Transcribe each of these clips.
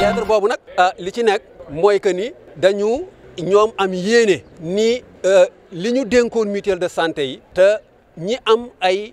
lettre boobu nag euh, li ci nekk mooy que ni dañu ñoom am yéene ni euh, li ñu dénkoon mutuelle de sante yi te ñi am ay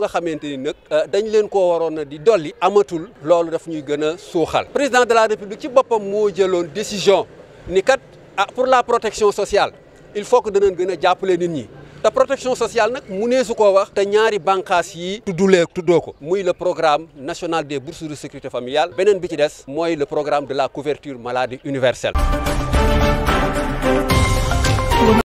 nga xamanteni nak euh, dañ leen ko waroon di doli amatul lolu daf ñuy gën a président de la république ci bopam mo jëlone décision ni kat ah, pour la protection sociale il faut que nous gën a nit ñi te protection sociale nous mu nee su wax te ñaari bànqaas yi tuddulee tudoko muy le programme national des bourses de sécurité familiale benen bi ci des moy le programme de la couverture maladie universelle